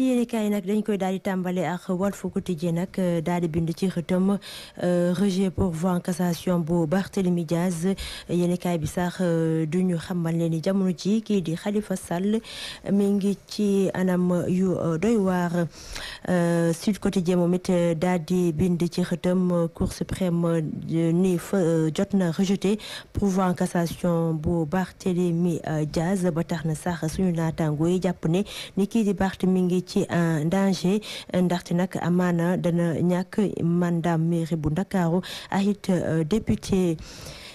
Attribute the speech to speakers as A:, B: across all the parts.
A: yéeni kaay nag dañ koy daal di tàmbale ak Walf Quotidien nag euh, daal di bind ci xëtam euh, rejet pourvoi en cassation bu Barthélemy Diaz yéeni kaay bi sax euh, du ñu xamal leen ni jamono ji kii di Khalifa Sall mi ngi ci anam yu doy waar Sud Quotidien moom it daal di bind ci xëtam Cour suprême ni fa jot na rejeté pourvoi en cassation bu Barthélemy Diaz ba tax na sax suñu naataango yi jàpp ne ni kii di mi ngi ci en euh, danger ndaxte nag amaana dana ñàkk mandat mairie bu Ndakaaru ahit euh, député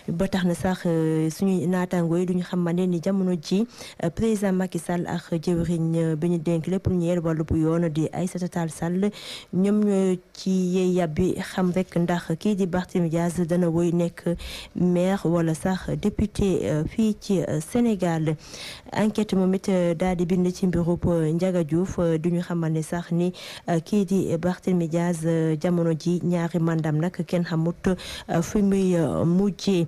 A: ba tax na sax euh, suñuy naataangoo yi duñu xamante ni jamono ji euh, président Macky Sall ak jëwriñ euh, bi ñu dénk lépp lu ñeel wàllu bu yoon di ay Tall Sall ñoom ñoo ci yee yàbbi xam rek ndax kii di Barthélémy Dias dana woy nekk maire wala sax député fii ci Sénégal enquête moom it daal di bind ci mbiru Ndiaga Diouf duñu xamal ne sax ni kii di Barthélémy Dias jamono ji ñaaxi mandam nag kenn xamut fi muy mujjee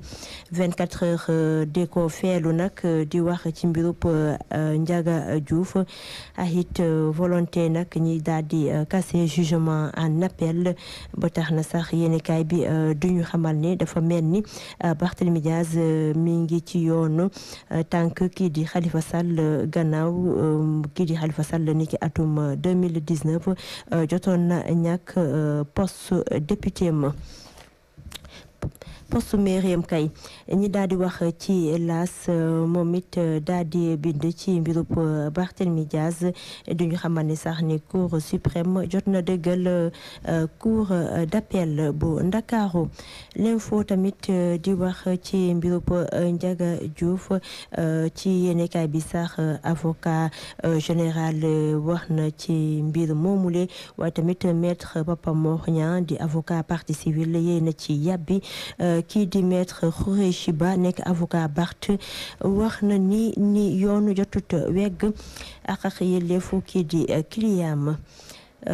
A: 24 heures euh, di ko feelu nag euh, di wax ci mbirub euh, Ndiaga Diouf ak it volonté nag ñi daal di casser jugement en appel ba tax na sax yéenekaay bi duñu xamal ni dafa mel ni Barthélemy Diaz mi ngi ci yoonu tànk kii di Khalifa Sall gannaaw kii di niki atum ni mille atum 2019 jotoon na ñàkk poste député ma poste mairie kay ñi daal di wax ci laas moom it euh, daal di bind ci mbirub euh, Barthélemy Diaz du ñu xamal ni sax ni cour suprême jot na dëggal euh, cour d'appel bu Ndakaaru foo tamit di wax ci mbirub Ndiaga Diouf ci yéenekaay bi sax avocat général wax na ci mbir moomule waaye tamit maître Papa Mor di avocat partie civile yéena ci yàbbi Euh, kii di maître Khoureyssi Ba nekk avocat Barth wax na ni ni yoonu jotut wegg ak ak yelleefu kii di euh, client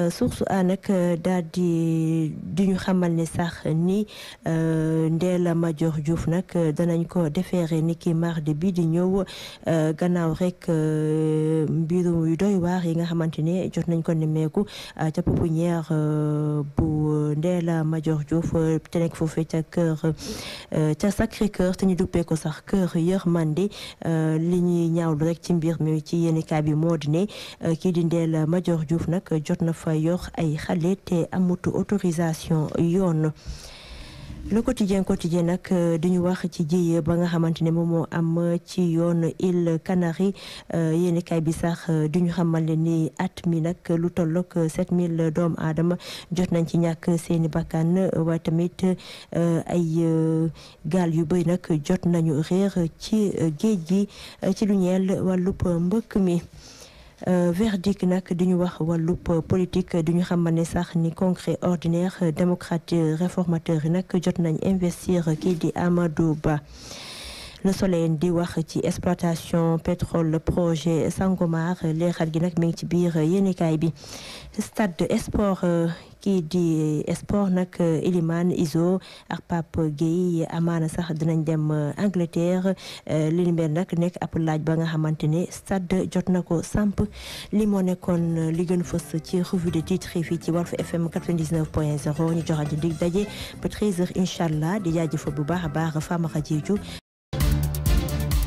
A: source a nag euh, daal di di ñu xamal ni sax ni euh, Ndella Madior Diouf nag euh, danañ ko defeere ni ki mardi bii di ñëw gannaaw rek mbirum yu doy waar yi nga xamante ne jot nañ ko nemmeeku ca pouponnière bu ndeela Madior Diouf te nekk foofee ca kër ca Sacré Cœur te ñu duppee ko sax kër yërmande li ñuy ñaawlu rek ci mbir mi ci yéenekaay bi moo di kii di Ndella Madior Diouf nag jot na fa yor ay xale te amut autorisation yoon le quotidien quotidien nag euh, dañu wax ci jiyee ba nga xamante ne moom moo am ci yoon île Canaries euh, yéen kay bi sax euh, du ñu xamal ne ni at mi nag lu tollook 7000 doomu aadama jot nañ ci ñàkk seeni bakkan waaye tamit ay gaal yu bëri nag jot nañu réer ci géej gi ci lu ñeel wàllub mbëkk mi. Euh, verdict nag di ñu wax wàllub politique du ñu xamal ne sax ni congrès ordinaire démocrate réformateur yi nag jot nañ investir kii di amado Ba. le soleil di wax ci exploitation pétrole projet Sangomar leexal gi nag mi ngi ci biir yéenekaay bi stade sport euh, kii di sport nag Elimane euh, Iso ak Pape amaan amaana sax dinañ dem euh, Angleterre li ni nag nekk ab laaj ba nga xamante ne stade jot na ko samp li moo nekkoon li gën fës ci revue de titre fii ci Walf FM 99.0 ñu joxante dig daje ba 13h incha allah di jaajëfal bu baax a baax Fama Khadijou